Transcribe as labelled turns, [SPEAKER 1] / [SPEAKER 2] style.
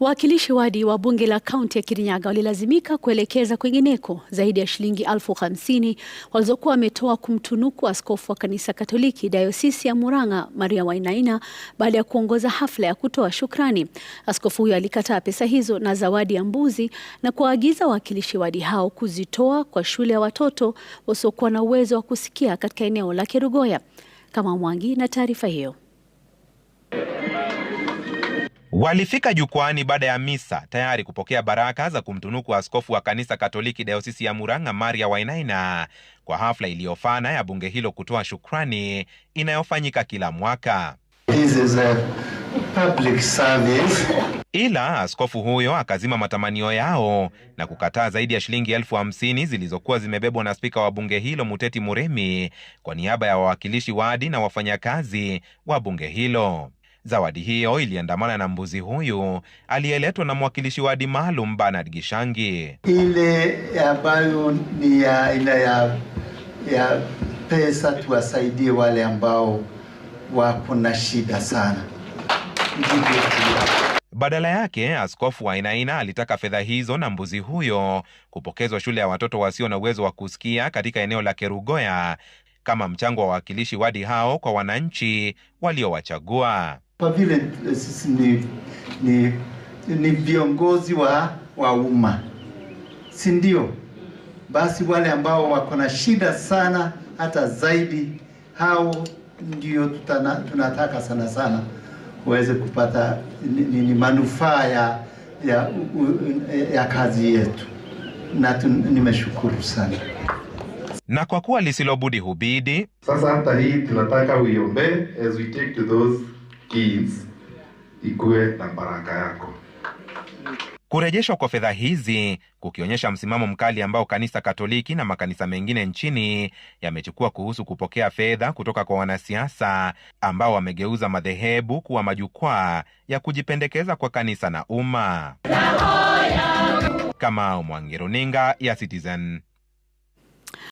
[SPEAKER 1] Wawakilishi wadi wa bunge la kaunti ya Kirinyaga walilazimika kuelekeza kwingineko zaidi ya shilingi elfu hamsini walizokuwa wametoa kumtunuku askofu wa kanisa Katoliki dayosisi ya Murang'a Maria Wainaina baada ya kuongoza hafla ya kutoa shukrani. Askofu huyo alikataa pesa hizo na zawadi ya mbuzi na kuwaagiza wawakilishi wadi hao kuzitoa kwa shule ya watoto wasiokuwa na uwezo wa kusikia katika eneo la Kerugoya. Kama Mwangi na taarifa hiyo.
[SPEAKER 2] Walifika jukwani baada ya misa tayari kupokea baraka za kumtunuku askofu wa kanisa Katoliki Dayosisi ya Murang'a Maria Wainaina kwa hafla iliyofana ya bunge hilo kutoa shukrani inayofanyika kila mwaka.
[SPEAKER 3] This is a public service.
[SPEAKER 2] Ila askofu huyo akazima matamanio yao na kukataa zaidi ya shilingi elfu hamsini zilizokuwa zimebebwa na spika wa bunge hilo Muteti Muremi kwa niaba ya wawakilishi wadi na wafanyakazi wa bunge hilo. Zawadi hiyo iliandamana na mbuzi huyu aliyeletwa na mwakilishi wadi maalum Bernard Gishangi.
[SPEAKER 3] Ile ambayo ni aina ya, ya pesa tuwasaidie wale ambao wako na shida sana.
[SPEAKER 2] Badala yake askofu Wainaina alitaka fedha hizo na mbuzi huyo kupokezwa shule ya watoto wasio na uwezo wa kusikia katika eneo la Kerugoya kama mchango wa wawakilishi wadi hao kwa wananchi waliowachagua
[SPEAKER 3] kwa vile eh, sisi ni, ni, ni viongozi wa, wa umma, si ndio? Basi wale ambao wako na shida sana hata zaidi, hao ndio tutana, tunataka sana sana waweze kupata ni manufaa ya, ya, ya kazi yetu, na nimeshukuru sana
[SPEAKER 2] na kwa kuwa lisilobudi hubidi,
[SPEAKER 4] sasa hata hii tunataka uiombee as we take to those kids ikuwe na baraka yako.
[SPEAKER 2] Kurejeshwa kwa fedha hizi kukionyesha msimamo mkali ambao kanisa Katoliki na makanisa mengine nchini yamechukua kuhusu kupokea fedha kutoka kwa wanasiasa ambao wamegeuza madhehebu kuwa majukwaa ya kujipendekeza kwa kanisa na umma. kama Mwangi, ya Citizen.